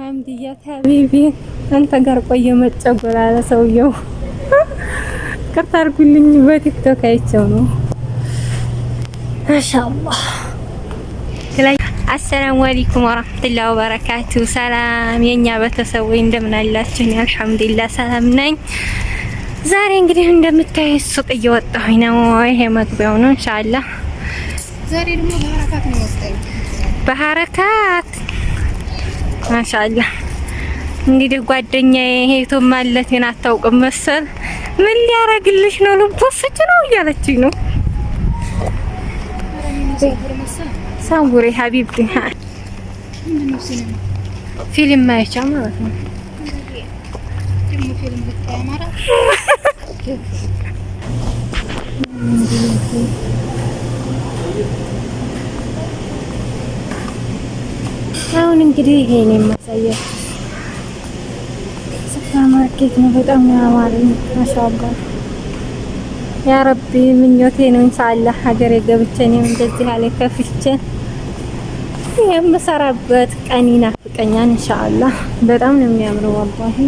ሀምድያ ታቢቢ አንተ ጋር ቆየ መጨጎል አለ ሰውየው። ቅርታ አድርጉልኝ በቲክቶክ አይቼው ነው። ማሻአላህ አሰላሙ አለይኩም ወራህመቱላሂ ወበረካቱ። ሰላም የኛ ቤተሰቦች እንደምን አላችሁ? እኔ አልሐምዱሊላህ ሰላም ነኝ። ዛሬ እንግዲህ እንደምታዩት ሱቅ እየወጣሁኝ ነው። ይሄ መግቢያው ነው። ኢንሻአላህ ዛሬ ደግሞ በሐረካት ነው የወጣሁት። በሐረካት ማሻአላ እንግዲህ ጓደኛዬ ሄቶ ማለቴን አታውቅም መሰል ምን ሊያረግልሽ ነው? ልቦስጭ ነው እያለችኝ ነው። ሳንጉሬ ሀቢብቲ ፊልም ማይቻ ማለት ነው። አሁን እንግዲህ ይሄን ነው የማሳያችሁ። ማርኬት ነው። በጣም ያማረ ማሻአላ። ያ ረቢ ምኞቴ ነው። ኢንሻአላህ ሀገሬ ገብቼ ነው እንደዚህ ያለ ከፍቼ የምሰራበት ቀን ይናፍቀኛል። ኢንሻአላህ በጣም ነው የሚያምረው ወላሂ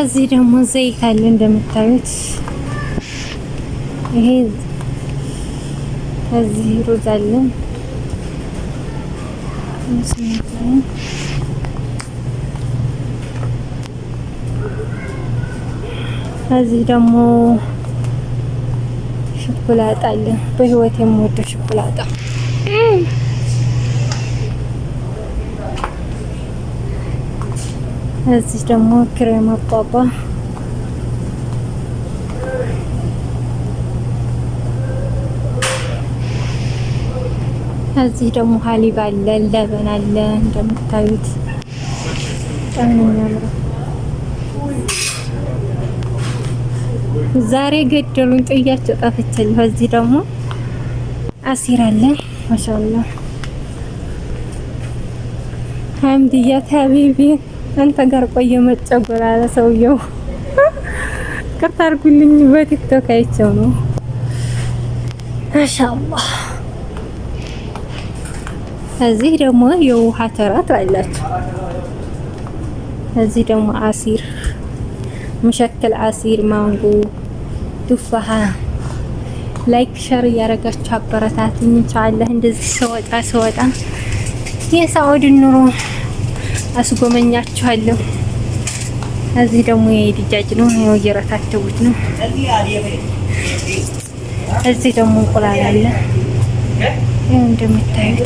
እዚህ ደግሞ ዘይት አለ እንደምታዩት። ይሄ ከዚህ ሩዝ አለ እዚህ ደግሞ ሽኩላጣ አለ። በህይወት የምወደው ሽኩላጣ እዚህ ደግሞ ክሬም አባባ እዚህ ደግሞ ሀሊብ አለ፣ ለበን አለ። እንደምታዩት በጣም የሚያምረው። ዛሬ ገደሉን ጥያቸው ጠፍቻለሁ። እዚህ ደግሞ አሲር አለ። ማሻአላህ ሀምድያ ሀቢቢ አንተ ጋር ቆየ መጨጎር አለ ሰውየው። ቅርታ አድርጉልኝ በቲክቶክ አይቼው ነው። ማሻአላህ እዚህ ደግሞ የውሃ ተራት አላቸው። እዚህ ደግሞ አሲር ምሸክል አሲር፣ ማንጎ፣ ቱፋሃ ላይክ ሸር እያደረጋችሁ አበረታት እንቻለን። እንደዚህ ሰወጣ ሰወጣ የሳውድን ኑሮ አስጎመኛችኋለሁ። እዚህ ደግሞ የድጃጅ ነው፣ ይኸው እየረታተቡት ነው። እዚህ ደግሞ እንቁላል አለ፣ ይኸው እንደምታዩት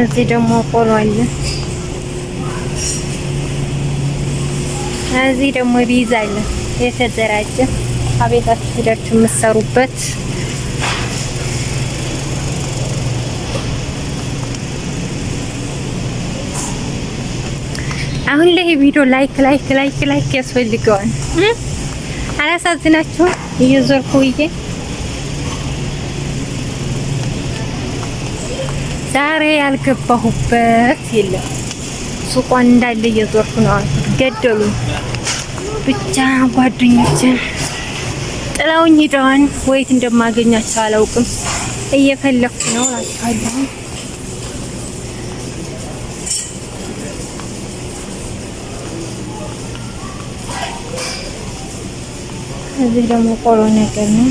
እዚህ ደግሞ ቆሎ አለ። እዚህ ደግሞ ቢዝ አለ የተደራጀ አቤታችሁ ሄዳችሁ የምትሰሩበት አሁን ላይ ቪዲዮ ላይክ ላይክ ላይክ ላይክ ያስፈልገዋል። አላሳዝናችሁም እየዞርኩ ብዬ ዛሬ ያልገባሁበት የለም። ሱቋን እንዳለ እየዞርኩ ነው አልኩት። ገደሉ ብቻ ጓደኞችን ጥላውኝ ሂደዋን ወይት እንደማገኛቸው አላውቅም። እየፈለኩ ነው እላቸዋለሁ። እዚህ ደግሞ ቆሎ ነገር ነው።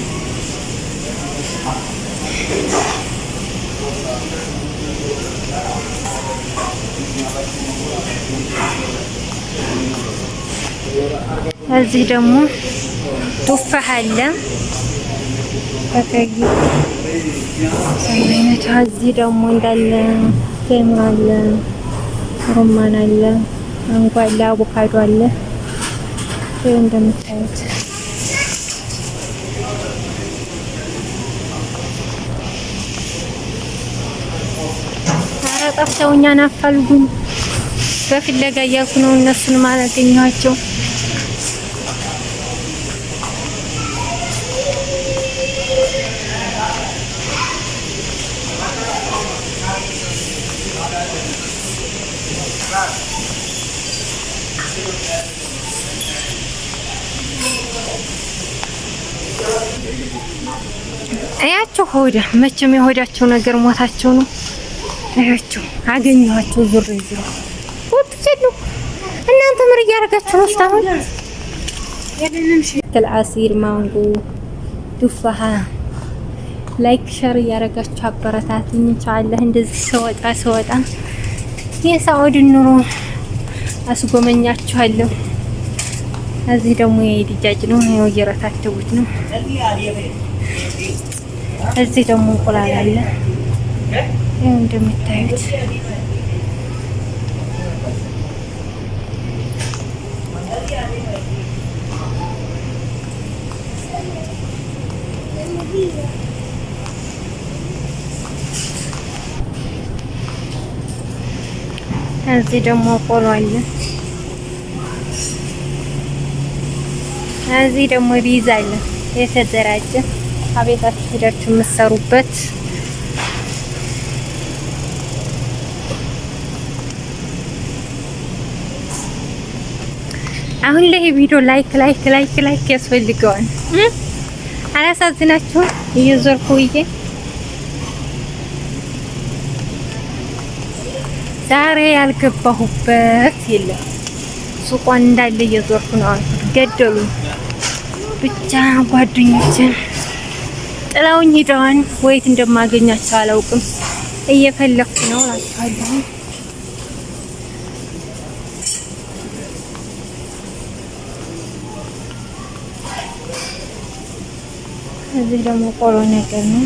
እዚህ ደግሞ ቱፋህ አለ። በቀይ ሰማይነት እዚህ ደግሞ እንዳለ ቴምር አለ፣ ሮማን አለ፣ ማንጎ አለ፣ አቮካዶ አለ። ይሄ እንደምታዩት ኧረ ጠፍተው እኛን አፋልጉን በፍለጋ እያልኩ ነው እነሱን ማገኘኋቸው እያቸው ሆዳ መቼም የሆዳቸው ነገር ሞታቸው ነው። እያቸው አገኘኋቸው ዙር ዙር ወጥ እናንተ ምን እያደረጋችሁ ነው? እስካሁን ያለንም አሲር ማንጎ ዱፋሃ ላይክ ሸር እያደረጋችሁ አበረታት። እንደዚህ ሰወጣ ሰወጣ የሳውዲ ኑሮ አስጎመኛችኋለሁ። እዚህ ደግሞ የድጃጅ ነው ነው እየረታቸውት ነው። እዚህ ደግሞ እንቁላል አለ ይኸው እንደምታዩት እዚህ ደግሞ ቆሎ አለን። እዚህ ደግሞ ቪዛ አለ የተደራጀ አቤታችሁ ሄዳችሁ የምትሰሩበት አሁን ላይ ቪዲዮ ላይክ ላይክ ላይክ ላይክ ያስፈልገዋል። አላሳዝናችሁም? እየዞርኩ ውዬ ዛሬ ያልገባሁበት የለም። ሱቋን እንዳለ እየዞርኩ ነው። ገደሉኝ። ብቻ ጓደኞችን ጥላውኝ ሄደዋን ወይት እንደማገኛቸው አላውቅም። እየፈለኩ ነው እላችኋለሁ። እዚህ ደግሞ ቆሎ ነገር ነው።